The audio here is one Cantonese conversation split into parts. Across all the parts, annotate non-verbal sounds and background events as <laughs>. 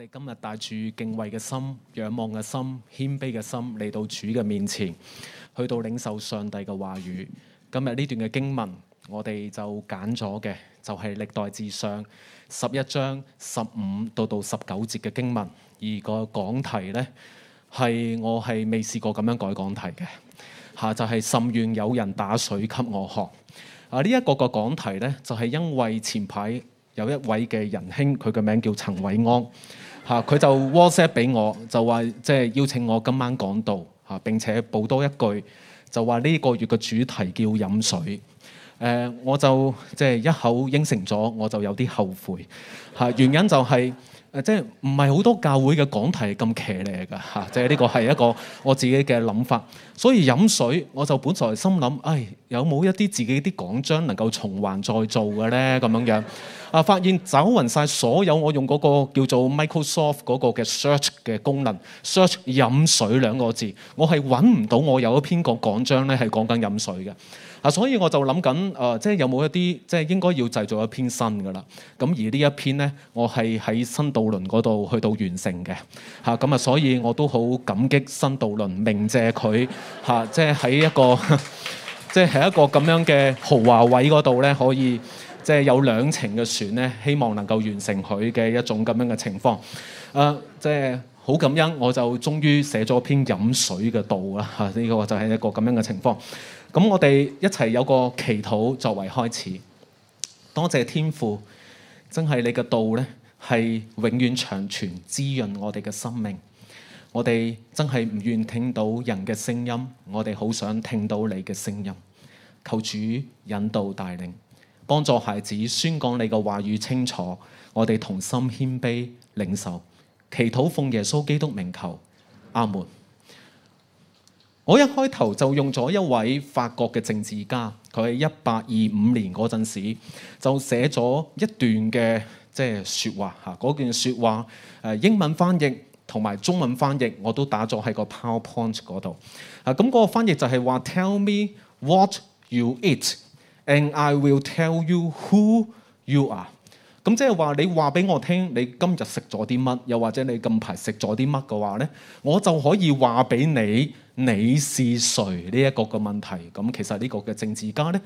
我哋今日帶住敬畏嘅心、仰望嘅心、謙卑嘅心嚟到主嘅面前，去到領受上帝嘅話語。今日呢段嘅經文，我哋就揀咗嘅就係歷代志上十一章十五到到十九節嘅經文，而個講題呢，係我係未試過咁樣改講題嘅嚇，就係、是、甚願有人打水給我喝。啊！呢一個個講題呢，就係、是、因為前排，有一位嘅仁兄，佢嘅名叫陳偉安。嚇，佢就 WhatsApp 俾我，就話即係邀請我今晚講道，嚇，並且補多一句，就話呢個月嘅主題叫飲水，誒、呃、我就即係一口應承咗。我就有啲後悔。嚇，原因就係、是。誒即係唔係好多教會嘅講題咁騎呢㗎嚇，即係呢個係一個我自己嘅諗法。所以飲水，我就本在心諗，唉，有冇一啲自己啲講章能夠循環再做嘅咧咁樣樣啊？發現走勻晒所有我用嗰個叫做 Microsoft 嗰個嘅 search 嘅功能，search 飲水兩個字，我係揾唔到我有一篇個講章咧係講緊飲水嘅。啊，所以我就諗緊，誒、呃，即係有冇一啲，即係應該要製造一篇新嘅啦。咁而呢一篇咧，我係喺新渡輪嗰度去到完成嘅。嚇，咁啊，所以我都好感激新渡輪，鳴謝佢嚇，即係喺一個，啊、即係喺一個咁樣嘅豪華位嗰度咧，可以即係有兩程嘅船咧，希望能夠完成佢嘅一種咁樣嘅情況。誒、啊，即係好感恩，我就終於寫咗篇飲水嘅道啦。嚇、啊，呢、這個就係一個咁樣嘅情況。咁我哋一齊有個祈禱作為開始，多謝天父，真係你嘅道呢係永遠長存滋潤我哋嘅生命。我哋真係唔願聽到人嘅聲音，我哋好想聽到你嘅聲音。求主引導帶領，幫助孩子宣講你嘅話語清楚。我哋同心謙卑領受，祈禱奉耶穌基督名求，阿門。我一開頭就用咗一位法國嘅政治家，佢喺一八二五年嗰陣時就寫咗一段嘅即係説話嚇，嗰段説話誒英文翻譯同埋中文翻譯我都打咗喺個 PowerPoint 嗰度。啊，咁嗰個翻譯就係話：Tell me what you eat，and I will tell you who you are。咁即係話你話俾我聽，你今日食咗啲乜？又或者你近排食咗啲乜嘅話呢，我就可以話俾你你是誰呢一個嘅問題。咁其實呢個嘅政治家呢。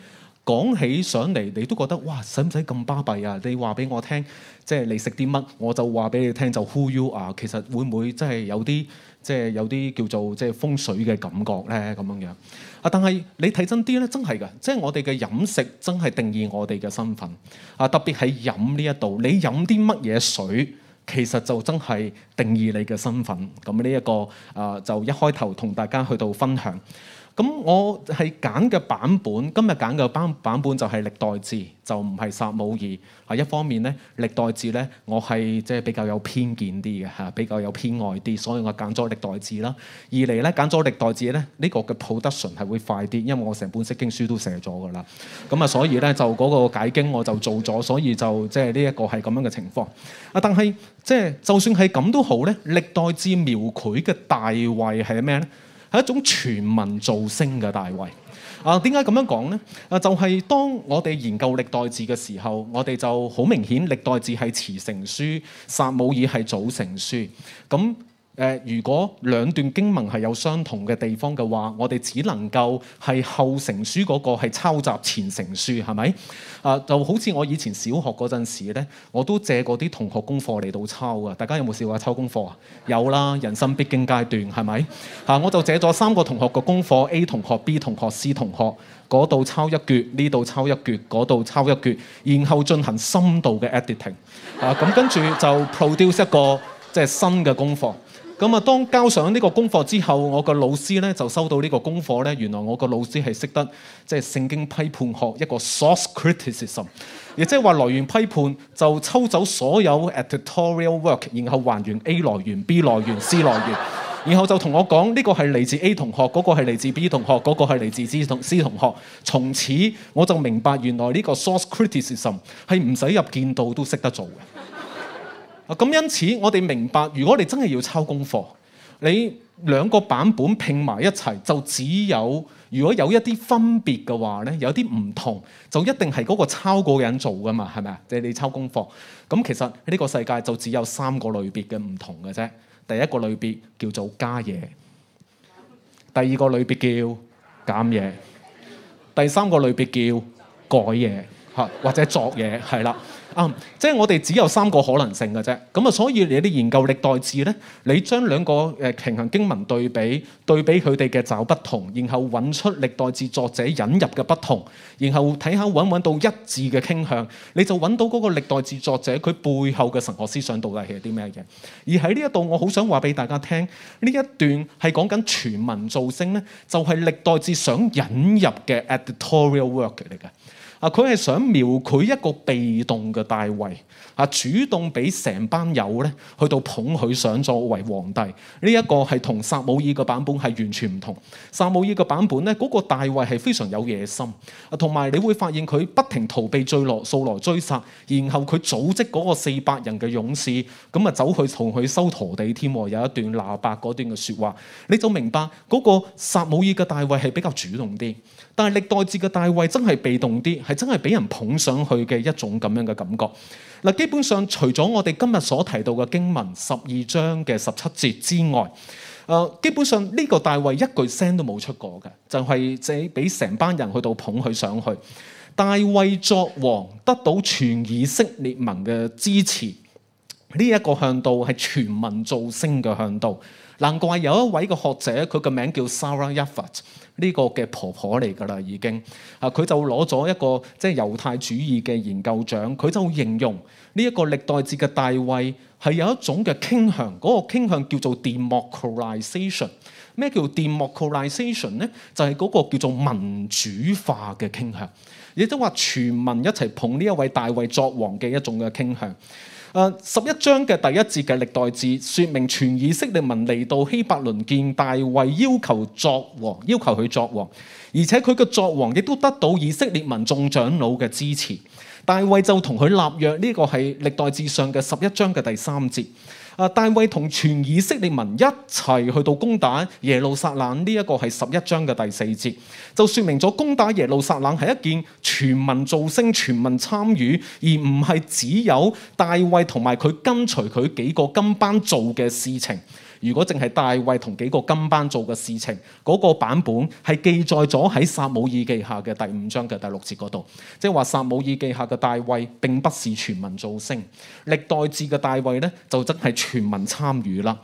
講起上嚟，你都覺得哇，使唔使咁巴閉啊？你話俾我聽，即係你食啲乜，我就話俾你聽，就 who you are 啊！其實會唔會真係有啲，即係有啲叫做即係風水嘅感覺呢？咁樣樣啊，但係你睇真啲呢，真係噶，即係我哋嘅飲食真係定義我哋嘅身份啊，特別係飲呢一度，你飲啲乜嘢水，其實就真係定義你嘅身份。咁呢一個啊，就一開頭同大家去到分享。咁我係揀嘅版本，今日揀嘅版版本就係歷代志，就唔係撒母耳。係一方面咧，歷代志咧，我係即係比較有偏見啲嘅嚇，比較有偏愛啲，所以我揀咗歷代志啦。二嚟咧，揀咗歷代志咧，呢、這個嘅 production 係會快啲，因為我成本釋經書都寫咗㗎啦。咁啊，所以咧就嗰個解經我就做咗，所以就即係呢一個係咁樣嘅情況。啊，但係即係就算係咁都好咧，歷代志描繪嘅大衛係咩咧？係一種全民造星嘅大衞啊！點解咁樣講咧？啊，就係、是、當我哋研究歷代志嘅時候，我哋就好明顯歷代志係遲成書，撒母耳係早成書咁。誒，如果兩段經文係有相同嘅地方嘅話，我哋只能夠係後成書嗰個係抄襲前成書，係咪？啊，就好似我以前小學嗰陣時咧，我都借過啲同學功課嚟到抄啊！大家有冇試過抄功課啊？有啦，人生必經階段，係咪？啊，我就借咗三個同學嘅功課，A 同學、B 同學、C 同學，嗰度抄一橛，呢度抄一橛，嗰度抄一橛，然後進行深度嘅 editing，啊，咁跟住就 produce 一個即係新嘅功課。咁啊，當交上呢個功課之後，我個老師咧就收到呢個功課咧。原來我個老師係識得即係聖經批判學一個 source criticism，亦即係話來源批判，就抽走所有 editorial work，然後還原 A 來源、B 來源、C 來源，然後就同我講呢個係嚟自 A 同學，嗰個係嚟自 B 同學，嗰個係嚟自 C 同 C 同學。從此我就明白原來呢個 source criticism 係唔使入建道都識得做嘅。咁因此，我哋明白，如果你真係要抄功課，你兩個版本拼埋一齊，就只有如果有一啲分別嘅話咧，有啲唔同，就一定係嗰個抄過嘅人做㗎嘛，係咪啊？即係你抄功課。咁其實呢個世界就只有三個類別嘅唔同嘅啫。第一個類別叫做加嘢，第二個類別叫減嘢，第三個類別叫改嘢嚇，或者作嘢係啦。啊、嗯，即係我哋只有三個可能性嘅啫。咁啊，所以你啲研究歷代志咧，你將兩個誒平行經文對比，對比佢哋嘅找不同，然後揾出歷代志作者引入嘅不同，然後睇下揾唔揾到一致嘅傾向，你就揾到嗰個歷代志作者佢背後嘅神學思想到底係啲咩嘢。而喺呢一度，我好想話俾大家聽，呢一段係講緊全民造星咧，就係、是、歷代志想引入嘅 editorial work 嚟嘅。啊！佢係想描繪一個被動嘅大衛，啊主動俾成班友咧去到捧佢上作為皇帝。呢、這、一個係同撒母耳嘅版本係完全唔同。撒母耳嘅版本咧，嗰、那個大衛係非常有野心，啊同埋你會發現佢不停逃避追落、掃羅追殺，然後佢組織嗰個四百人嘅勇士，咁啊走去同佢收陀地添，有一段拿伯嗰段嘅説話，你就明白嗰、那個撒母耳嘅大衛係比較主動啲。但係歷代志嘅大衛真係被動啲，係真係俾人捧上去嘅一種咁樣嘅感覺。嗱，基本上除咗我哋今日所提到嘅經文十二章嘅十七節之外，誒、呃、基本上呢個大衛一句聲都冇出過嘅，就係即俾成班人去到捧佢上去。大衛作王得到全以色列民嘅支持，呢、這、一個向度係全民造星嘅向度。難怪有一位嘅學者，佢嘅名叫 Sarah Effert，呢個嘅婆婆嚟㗎啦，已經啊，佢就攞咗一個即係猶太主義嘅研究獎。佢就形容呢一個歷代志嘅大衛係有一種嘅傾向，嗰、那個傾向叫做 Democratisation。咩叫 Democratisation 咧？就係、是、嗰個叫做民主化嘅傾向，亦都話全民一齊捧呢一位大衛作王嘅一種嘅傾向。Uh, 十一章嘅第一節嘅歷代志，説明全以色列民嚟到希伯倫見大衛，要求作王，要求佢作王，而且佢嘅作王亦都得到以色列民眾長老嘅支持。大衛就同佢立約，呢、這個係歷代志上嘅十一章嘅第三節。啊！大衛同全以色列民一齊去到攻打耶路撒冷呢，一個係十一章嘅第四節，就說明咗攻打耶路撒冷係一件全民造聲、全民參與，而唔係只有大衛同埋佢跟隨佢幾個跟班做嘅事情。如果淨係大衛同幾個金班做嘅事情，嗰、那個版本係記載咗喺撒母耳記下嘅第五章嘅第六節嗰度，即係話撒母耳記下嘅大衛並不是全民造星，歷代志嘅大衛咧就真係全民參與啦。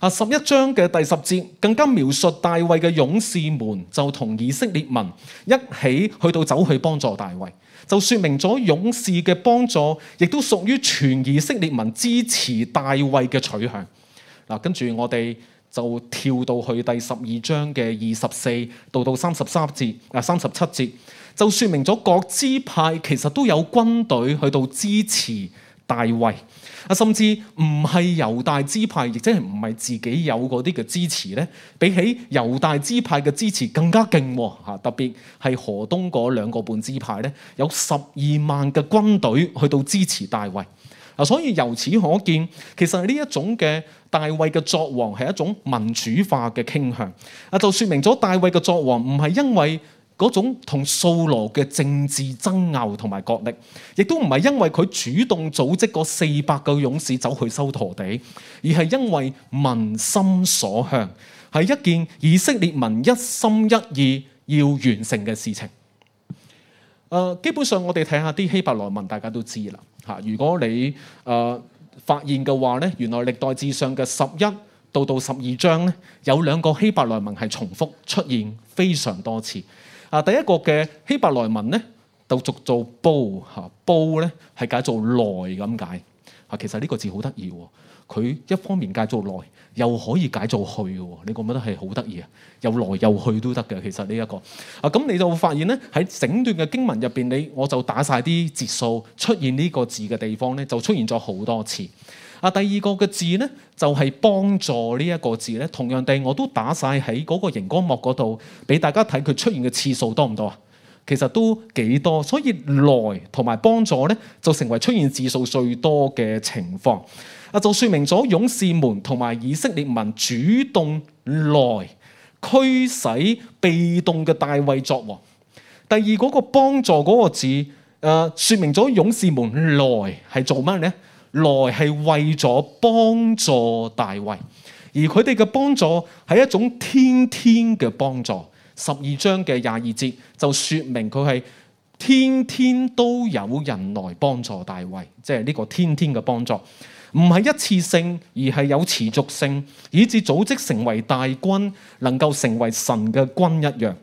啊，十一章嘅第十節更加描述大衛嘅勇士們就同以色列民一起去到走去幫助大衛，就説明咗勇士嘅幫助亦都屬於全以色列民支持大衛嘅取向。嗱，跟住我哋就跳到去第十二章嘅二十四到到三十三節啊，三十七節就説明咗各支派其實都有軍隊去到支持大衛啊，甚至唔係猶大支派，亦即係唔係自己有嗰啲嘅支持咧，比起猶大支派嘅支持更加勁喎，吓，特別係河東嗰兩個半支派咧，有十二萬嘅軍隊去到支持大衛。嗱，所以由此可見，其實呢一種嘅大衛嘅作王係一種民主化嘅傾向。啊，就説明咗大衛嘅作王唔係因為嗰種同掃羅嘅政治爭拗同埋角力，亦都唔係因為佢主動組織個四百個勇士走去收陀地，而係因為民心所向，係一件以色列民一心一意要完成嘅事情。誒、呃，基本上我哋睇下啲希伯來文，大家都知啦。吓！如果你誒、呃、發現嘅話咧，原來歷代志上嘅十一到到十二章咧，有兩個希伯來文係重複出現非常多次。啊，第一個嘅希伯來文咧，就讀做煲，煲咧係解做耐咁解。吓、啊，其實呢個字好得意喎，佢一方面解做耐。又可以解做去喎，你覺唔覺得係好得意啊？又來又去都得嘅，其實呢一個啊，咁你就會發現咧，喺整段嘅經文入邊，你我就打晒啲字數出現呢個字嘅地方咧，就出現咗好多次。啊，第二個嘅字咧，就係幫助呢一個字咧，同樣地，我都打晒喺嗰個熒光幕嗰度俾大家睇，佢出現嘅次數多唔多啊？其實都幾多，所以來同埋幫助咧，就成為出現字數最多嘅情況。就說明咗勇士們同埋以色列民主動來驅使被動嘅大衛作王。第二嗰、那個幫助嗰個字，誒、呃，說明咗勇士們來係做乜咧？來係為咗幫助大衛，而佢哋嘅幫助係一種天天嘅幫助。十二章嘅廿二節就說明佢係天天都有人來幫助大衛，即係呢個天天嘅幫助。唔係一次性，而係有持續性，以至組織成為大軍，能夠成為神嘅軍一樣。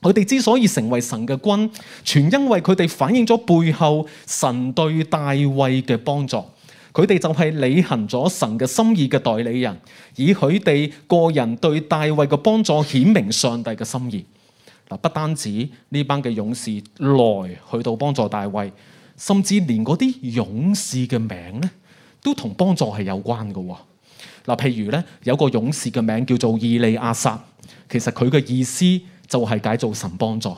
佢哋之所以成為神嘅軍，全因為佢哋反映咗背後神對大衛嘅幫助。佢哋就係履行咗神嘅心意嘅代理人，以佢哋個人對大衛嘅幫助顯明上帝嘅心意。嗱，不單止呢班嘅勇士來去到幫助大衛，甚至連嗰啲勇士嘅名呢。都同幫助係有關嘅，嗱，譬如咧有個勇士嘅名叫做以利亞撒，其實佢嘅意思就係解做神幫助；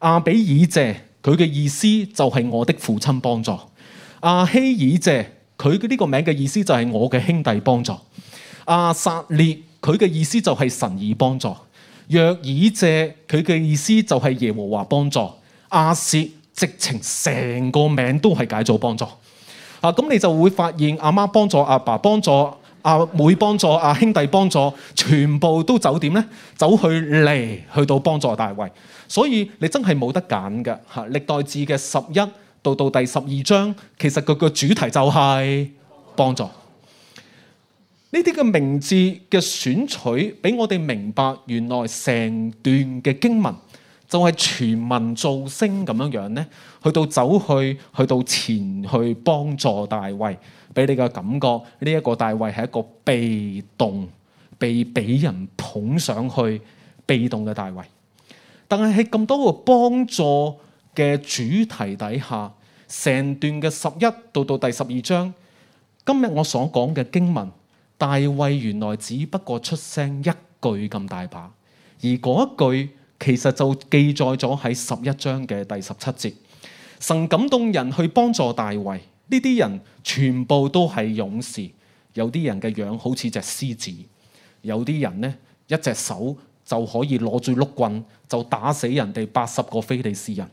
亞比以謝佢嘅意思就係我的父親幫助；亞希以謝佢嘅呢個名嘅意思就係我嘅兄弟幫助；亞薩列佢嘅意思就係神而幫助；若以謝佢嘅意思就係耶和華幫助；阿斯直情成個名都係解做幫助。啊！咁你就會發現，阿、啊、媽幫助阿、啊、爸幫助阿、啊、妹幫助阿、啊、兄弟幫助，全部都走點咧？走去嚟，去到幫助大衛，所以你真係冇得揀嘅嚇。歷代志嘅十一到到第十二章，其實佢個主題就係幫助。呢啲嘅名字嘅選取，俾我哋明白原來成段嘅經文，就係全民造星咁樣樣咧，去到走去，去到前去幫助大衛，俾你嘅感覺呢一個大衛係一個被動、被俾人捧上去、被動嘅大衛。但係喺咁多個幫助嘅主題底下，成段嘅十一到到第十二章，今日我所講嘅經文，大衛原來只不過出聲一句咁大把，而嗰句。其實就記載咗喺十一章嘅第十七節，神感動人去幫助大衛，呢啲人全部都係勇士，有啲人嘅樣好似隻獅子，有啲人呢，一隻手就可以攞住碌棍就打死人哋八十個非利士人，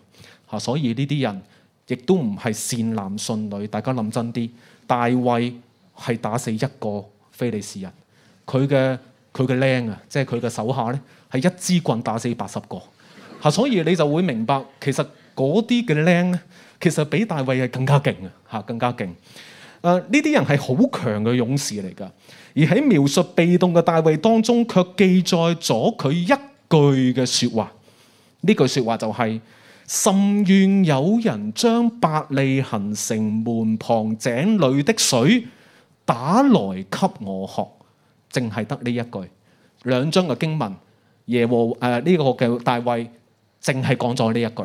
嚇！所以呢啲人亦都唔係善男信女，大家諗真啲，大衛係打死一個非利士人，佢嘅。佢嘅僆啊，即係佢嘅手下呢，係一支棍打死八十個，嚇！所以你就會明白，其實嗰啲嘅僆呢，其實比大衛係更加勁啊。嚇，更加勁。誒呢啲人係好強嘅勇士嚟㗎，而喺描述被動嘅大衛當中，卻記載咗佢一句嘅説話。呢句説話就係、是：甚願有人將伯利恆城門旁井裏的水打來給我喝。淨係得呢一句，兩章嘅經文，耶和誒呢、呃這個嘅大衛，淨係講咗呢一句。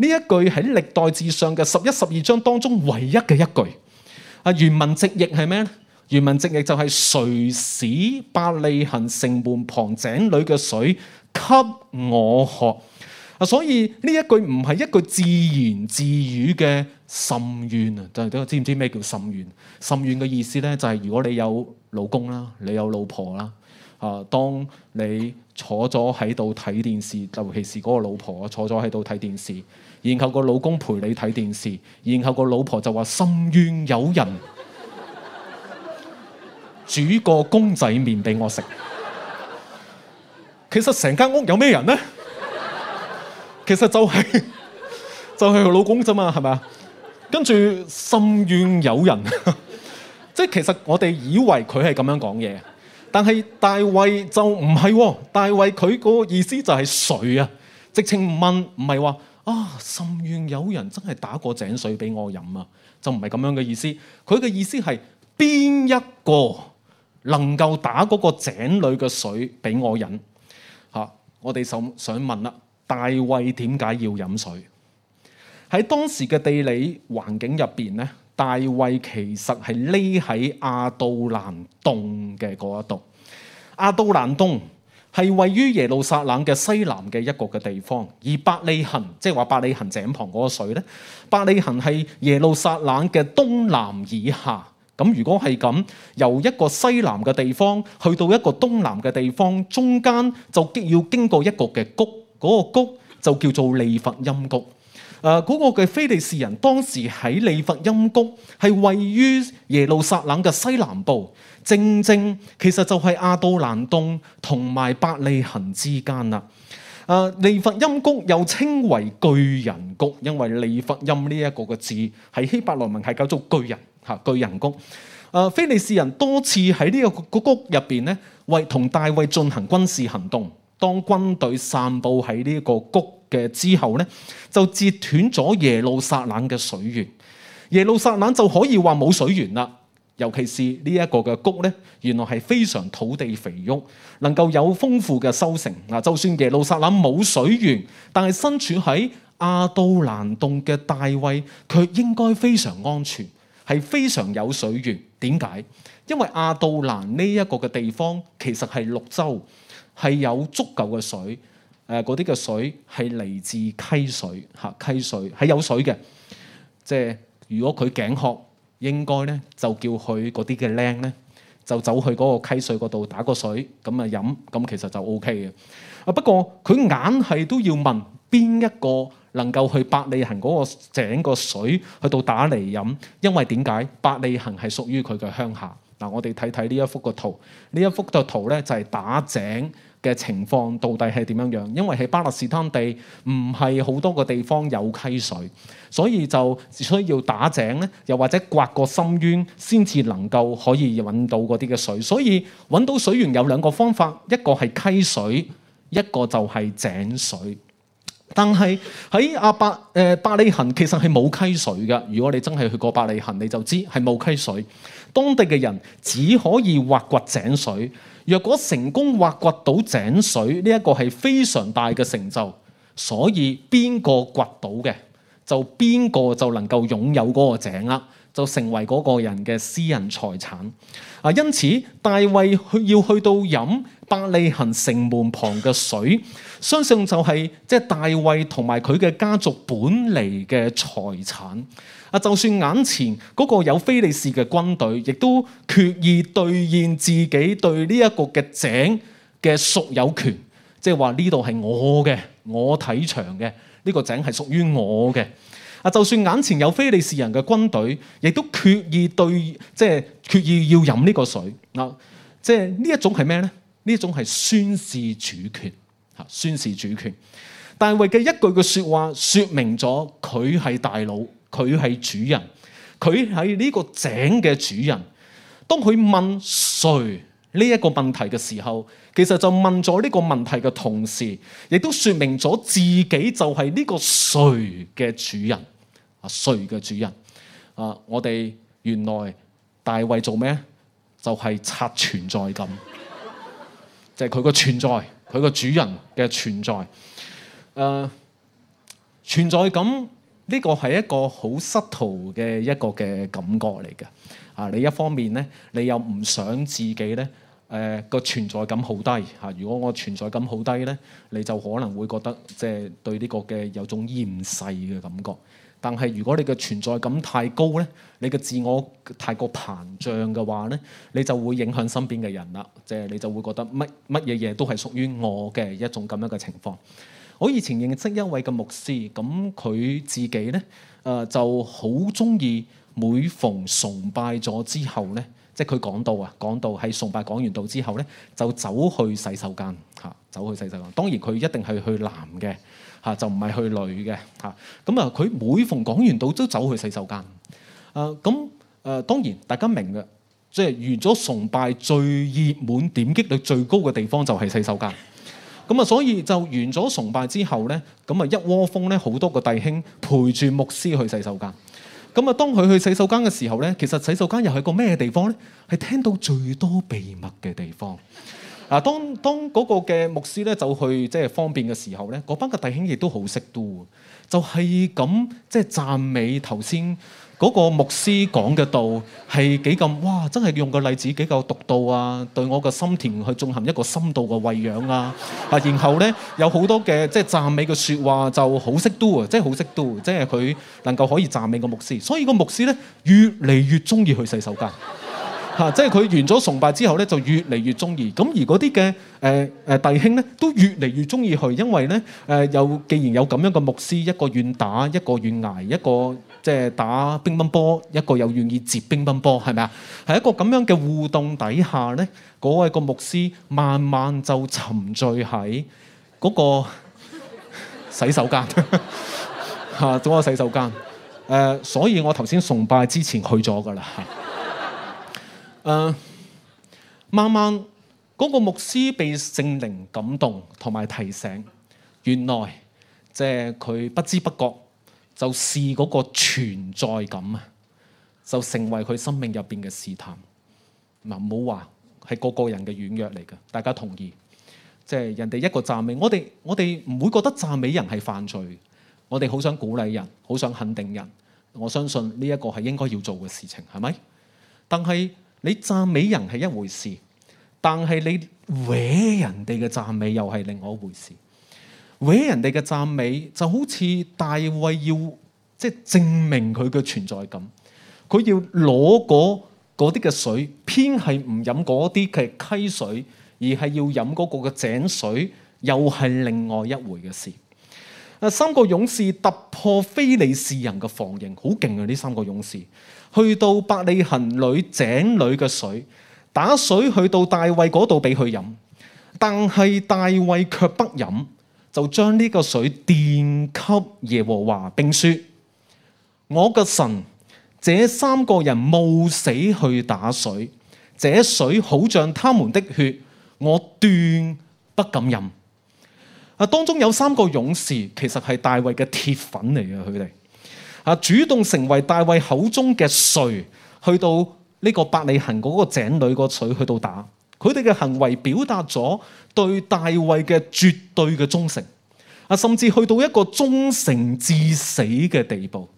呢一句喺歷代志上嘅十一、十二章當中唯一嘅一句。啊，原文直譯係咩咧？原文直譯就係、是、誰使伯利恆城門旁井裏嘅水給我喝。所以呢一句唔係一句自言自語嘅甚願啊！就係都知唔知咩叫甚願？甚願嘅意思呢、就係，就係如果你有老公啦，你有老婆啦，啊，當你坐咗喺度睇電視，尤其是嗰個老婆坐咗喺度睇電視，然後個老公陪你睇電視，然後個老婆就話甚願有人煮個公仔麵俾我食，其實成間屋有咩人呢？其實就係、係、就係老公咋嘛，係咪啊？跟住甚願有人，即 <laughs> 係其實我哋以為佢係咁樣講嘢，但係大衛就唔係、哦。大衛佢個意思就係水啊，直情問唔係話啊甚願有人真係打個井水俾我飲啊，就唔係咁樣嘅意思。佢嘅意思係邊一個能夠打嗰個井裏嘅水俾我飲？嚇、啊，我哋就想，想問啦。大衛點解要飲水？喺當時嘅地理環境入邊咧，大衛其實係匿喺亞杜蘭洞嘅嗰一度。亞杜蘭洞係位於耶路撒冷嘅西南嘅一個嘅地方，而伯利恆，即係話伯利恆井旁嗰個水咧。伯利恆係耶路撒冷嘅東南以下。咁如果係咁，由一個西南嘅地方去到一個東南嘅地方，中間就要經過一個嘅谷。嗰個谷就叫做利佛音谷。誒、呃、嗰、那個嘅非利士人當時喺利佛音谷係位於耶路撒冷嘅西南部。正正其實就係亞杜蘭東同埋伯利恆之間啦。誒、呃、利佛音谷又稱為巨人谷。因為利佛音呢一個嘅字喺希伯來文係叫做巨人，嚇，巨人谷。誒、呃、非利士人多次喺呢個個谷入邊咧，為同大衛進行軍事行動。當軍隊散布喺呢個谷嘅之後呢，就截斷咗耶路撒冷嘅水源。耶路撒冷就可以話冇水源啦。尤其是呢一個嘅谷呢，原來係非常土地肥沃，能夠有豐富嘅收成。嗱，就算耶路撒冷冇水源，但係身處喺亞杜蘭洞嘅大衛，佢應該非常安全，係非常有水源。點解？因為亞杜蘭呢一個嘅地方其實係綠洲。係有足夠嘅水，誒嗰啲嘅水係嚟自溪水嚇，溪水係有水嘅。即係如果佢頸渴，應該咧就叫佢嗰啲嘅靚咧，就走去嗰個溪水嗰度打個水咁啊飲，咁其實就 OK 嘅。啊不過佢硬係都要問邊一個能夠去伯利恆嗰個井個水去到打嚟飲，因為點解？伯利恆係屬於佢嘅鄉下。嗱，我哋睇睇呢一幅個圖，呢一幅個圖咧就係打井嘅情況到底係點樣樣？因為喺巴勒斯坦地唔係好多個地方有溪水，所以就只需要打井咧，又或者刮個深淵先至能夠可以揾到嗰啲嘅水。所以揾到水源有兩個方法，一個係溪水，一個就係井水。但係喺阿伯誒伯利恆其實係冇溪水嘅。如果你真係去過伯利恆，你就知係冇溪水。當地嘅人只可以挖掘井水，若果成功挖掘到井水，呢一個係非常大嘅成就。所以邊個掘到嘅，就邊個就能夠擁有嗰個井啦，就成為嗰個人嘅私人財產。啊，因此大衛去要去到飲。百里行城門旁嘅水，相信就係即係大衛同埋佢嘅家族本嚟嘅財產。啊，就算眼前嗰個有非利士嘅軍隊，亦都決意兌現自己對呢一個嘅井嘅所有權，即係話呢度係我嘅，我睇場嘅呢個井係屬於我嘅。啊，就算眼前有非利士人嘅軍隊，亦都決意對即係決意要飲呢個水啊，即係呢一種係咩咧？呢種係宣示主權，吓宣示主權。大衛嘅一句句說話，說明咗佢係大佬，佢係主人，佢係呢個井嘅主人。當佢問誰呢一個問題嘅時候，其實就問咗呢個問題嘅同時，亦都說明咗自己就係呢個誰嘅主人，啊誰嘅主人？啊，我哋原來大衛做咩？就係、是、刷存在感。就係佢個存在，佢個主人嘅存在，誒、呃、存在感呢、這個係一個好 subtle 嘅一個嘅感覺嚟嘅。啊，你一方面咧，你又唔想自己咧誒個存在感好低嚇、啊。如果我存在感好低咧，你就可能會覺得即係、就是、對呢個嘅有種厭世嘅感覺。但係如果你嘅存在感太高咧，你嘅自我太過膨脹嘅話咧，你就會影響身邊嘅人啦。即係你就會覺得乜乜嘢嘢都係屬於我嘅一種咁樣嘅情況。我以前認識一位嘅牧師，咁佢自己咧誒、就好中意每逢崇拜咗之後咧。即係佢講到啊，講到喺崇拜講完道之後咧，就走去洗手間嚇，走去洗手間。當然佢一定係去男嘅嚇，就唔係去女嘅嚇。咁啊，佢每逢講完道都走去洗手間。誒咁誒，當然大家明嘅，即係完咗崇拜最熱門、點擊率最高嘅地方就係洗手間。咁啊，所以就完咗崇拜之後咧，咁啊一窩蜂咧，好多個弟兄陪住牧師去洗手間。咁啊，當佢去洗手間嘅時候咧，其實洗手間又係個咩地方咧？係聽到最多秘密嘅地方。嗱，當當嗰個嘅牧師咧，走去即係方便嘅時候咧，嗰班嘅弟兄亦都好識 do，就係咁即係讚美頭先，嗰個牧師講嘅道係幾咁哇！真係用個例子幾夠獨到啊，對我個心田去進行一個深度嘅餵養啊！啊，然後呢，有好多嘅即係讚美嘅説話就好識 do 啊，真係好識 do，即係佢能夠可以讚美個牧師，所以個牧師呢，越嚟越鍾意去洗手間。嚇、啊！即係佢完咗崇拜之後咧，就越嚟越中意。咁而嗰啲嘅誒誒弟兄咧，都越嚟越中意佢，因為咧誒有既然有咁樣嘅牧師，一個願打，一個願捱，一個即係打乒乓波，一個又願意接乒乓波，係咪啊？係一個咁樣嘅互動底下咧，嗰位個牧師慢慢就沉醉喺嗰個洗手間嚇，嗰、 <laughs> 啊、洗手間誒、啊。所以我頭先崇拜之前去咗㗎啦。誒，uh, 慢慢嗰、那個牧師被聖靈感動同埋提醒，原來即係佢不知不覺就係嗰個存在感啊，就成為佢生命入邊嘅試探。嗱，唔好話係個個人嘅軟弱嚟嘅，大家同意。即、就、係、是、人哋一個讚美，我哋我哋唔會覺得讚美人係犯罪。我哋好想鼓勵人，好想肯定人。我相信呢一個係應該要做嘅事情，係咪？但係。你讚美人係一回事，但係你搲人哋嘅讚美又係另，就是、另外一回事。搲人哋嘅讚美就好似大衛要即係證明佢嘅存在感，佢要攞嗰啲嘅水，偏係唔飲嗰啲嘅溪水，而係要飲嗰個嘅井水，又係另外一回嘅事。啊，三個勇士突破非利士人嘅防禦，好勁啊！呢三個勇士。去到伯利恆裏井裏嘅水，打水去到大衛嗰度俾佢飲，但係大衛卻不飲，就將呢個水奠給耶和華，並說：我嘅神，這三個人冒死去打水，這水好像他們的血，我斷不敢飲。啊，當中有三個勇士，其實係大衛嘅鐵粉嚟嘅，佢哋。啊！主動成為大衛口中嘅誰，去到呢個伯利恆嗰個井裏個水去到打，佢哋嘅行為表達咗對大衛嘅絕對嘅忠誠。啊，甚至去到一個忠誠至死嘅地步。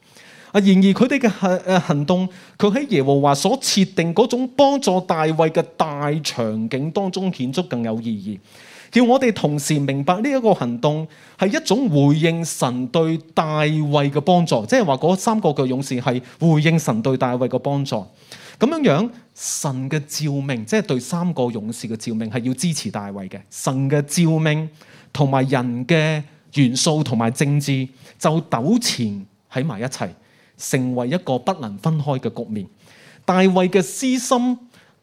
啊，然而佢哋嘅行誒行動，佢喺耶和華所設定嗰種幫助大衛嘅大場景當中顯出更有意義。叫我哋同時明白呢一個行動係一種回應神對大衛嘅幫助，即係話嗰三個嘅勇士係回應神對大衛嘅幫助。咁樣樣神嘅召命，即係對三個勇士嘅召命，係要支持大衛嘅。神嘅召命同埋人嘅元素同埋政治就糾纏喺埋一齊，成為一個不能分開嘅局面。大衛嘅私心，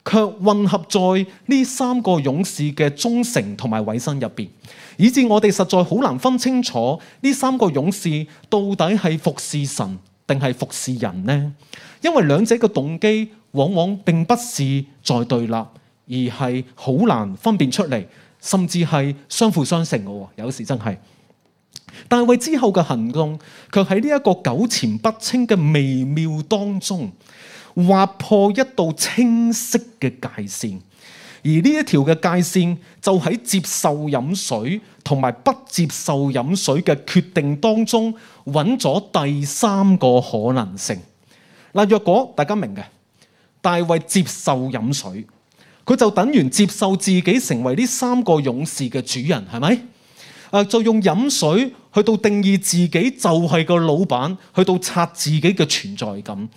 卻混合在呢三個勇士嘅忠誠同埋委身入邊，以致我哋實在好難分清楚呢三個勇士到底係服侍神定係服侍人呢？因為兩者嘅動機往往並不是在對立，而係好難分辨出嚟，甚至係相輔相成嘅。有時真係，但係為之後嘅行動，卻喺呢一個糾纏不清嘅微妙當中，劃破一道清晰嘅界線，而呢一條嘅界線就喺接受飲水同埋不接受飲水嘅決定當中，揾咗第三個可能性。嗱，若果大家明嘅，大衛接受飲水，佢就等於接受自己成為呢三個勇士嘅主人，係咪？誒，就用飲水去到定義自己就係個老闆，去到刷自己嘅存在感。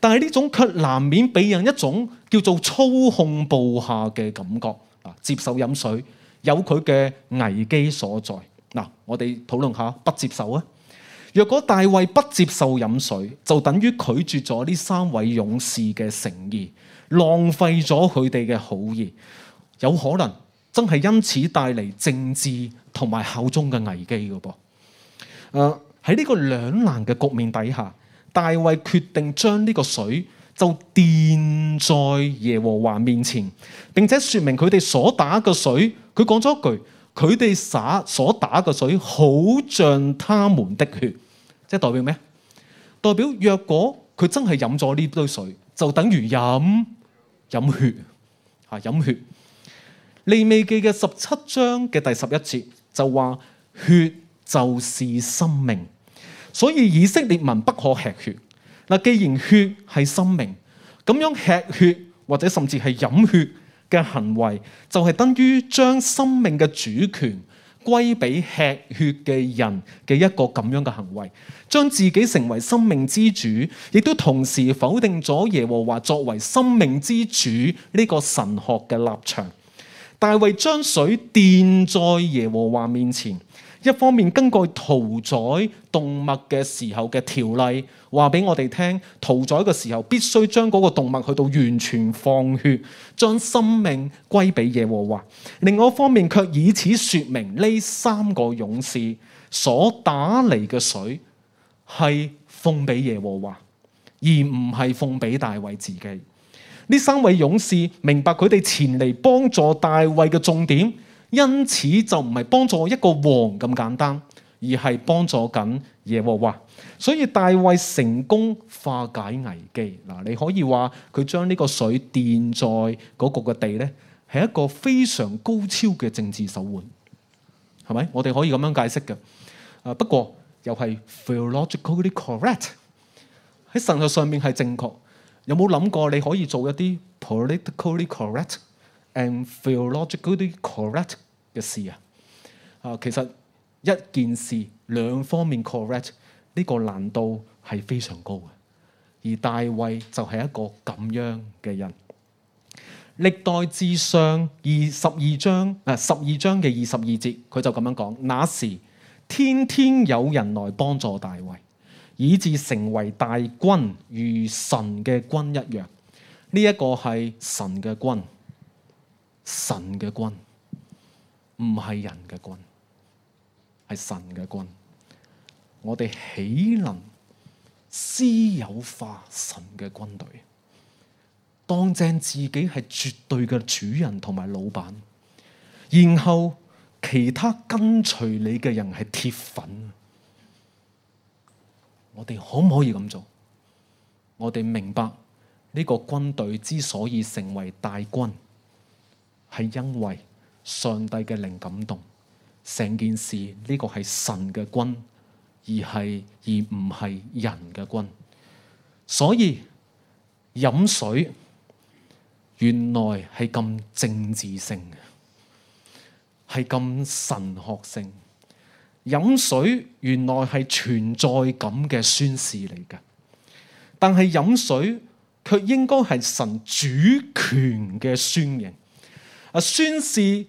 但係呢種卻難免俾人一種叫做操控部下嘅感覺。啊，接受飲水有佢嘅危機所在。嗱，我哋討論下不接受啊。若果大衛不接受飲水，就等於拒絕咗呢三位勇士嘅誠意，浪費咗佢哋嘅好意，有可能真係因此帶嚟政治同埋效忠嘅危機嘅噃。誒、呃，喺呢個兩難嘅局面底下，大衛決定將呢個水就奠在耶和華面前，並且說明佢哋所打嘅水。佢講咗一句：佢哋灑所打嘅水，好像他們的血。即係代表咩？代表若果佢真係飲咗呢堆水，就等於飲飲血。吓飲血。利未記嘅十七章嘅第十一節就話：血就是生命。所以以色列民不可吃血。嗱，既然血係生命，咁樣吃血或者甚至係飲血嘅行為，就係、是、等於將生命嘅主權歸俾吃血嘅人嘅一個咁樣嘅行為，將自己成為生命之主，亦都同時否定咗耶和華作為生命之主呢個神學嘅立場。大衛將水奠在耶和華面前。一方面根據屠宰動物嘅時候嘅條例，話俾我哋聽，屠宰嘅時候必須將嗰個動物去到完全放血，將生命歸俾耶和華。另外一方面卻以此說明呢三個勇士所打嚟嘅水係奉俾耶和華，而唔係奉俾大衛自己。呢三位勇士明白佢哋前嚟幫助大衛嘅重點。因此就唔係幫助一個王咁簡單，而係幫助緊耶和華。所以大衛成功化解危機嗱，你可以話佢將呢個水奠在嗰個嘅地咧，係一個非常高超嘅政治手腕，係咪？我哋可以咁樣解釋嘅。啊，不過又係 theologically correct，喺神學上面係正確。有冇諗過你可以做一啲 politically correct？and theologically correct 嘅事啊，啊，其實一件事兩方面 correct 呢個難度係非常高嘅，而大衛就係一個咁樣嘅人。歷代志上二十二章啊十二章嘅二十二節，佢就咁樣講：那時天天有人來幫助大衛，以致成為大軍，如神嘅軍一樣。呢一個係神嘅軍。神嘅軍唔係人嘅軍，係神嘅軍。我哋豈能私有化神嘅軍隊，當正自己係絕對嘅主人同埋老闆，然後其他跟隨你嘅人係鐵粉。我哋可唔可以咁做？我哋明白呢個軍隊之所以成為大軍。係因為上帝嘅靈感動，成件事呢、這個係神嘅君，而係而唔係人嘅君。所以飲水原來係咁政治性嘅，係咁神學性。飲水原來係存在感嘅宣示嚟嘅，但係飲水卻應該係神主權嘅宣認。宣誓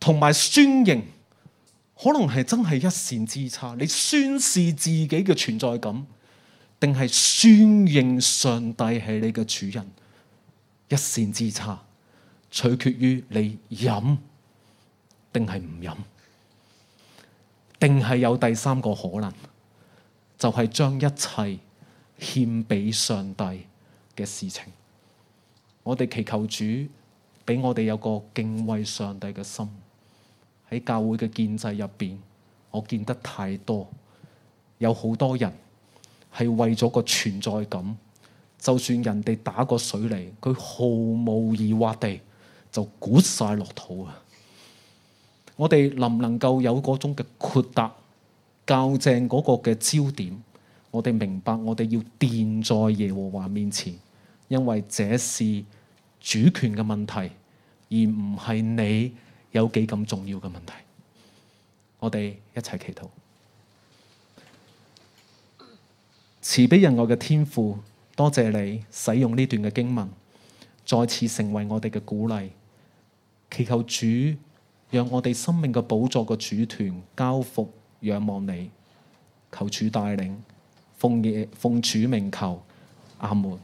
同埋宣認，可能係真係一線之差。你宣示自己嘅存在感，定係宣認上帝係你嘅主人？一線之差，取決於你飲定係唔飲，定係有第三個可能，就係將一切獻俾上帝嘅事情。我哋祈求主。俾我哋有個敬畏上帝嘅心，喺教會嘅建制入邊，我見得太多，有好多人係為咗個存在感，就算人哋打過水嚟，佢毫無疑惑地就估晒落肚啊！我哋能唔能夠有嗰種嘅豁達、校正嗰個嘅焦點？我哋明白，我哋要墊在耶和華面前，因為這是。主權嘅問題，而唔係你有幾咁重要嘅問題。我哋一齊祈禱，慈悲仁愛嘅天父，多謝你使用呢段嘅經文，再次成為我哋嘅鼓勵。祈求主，讓我哋生命嘅寶座嘅主團，交付仰望你，求主帶領，奉耶，奉主名求，阿門。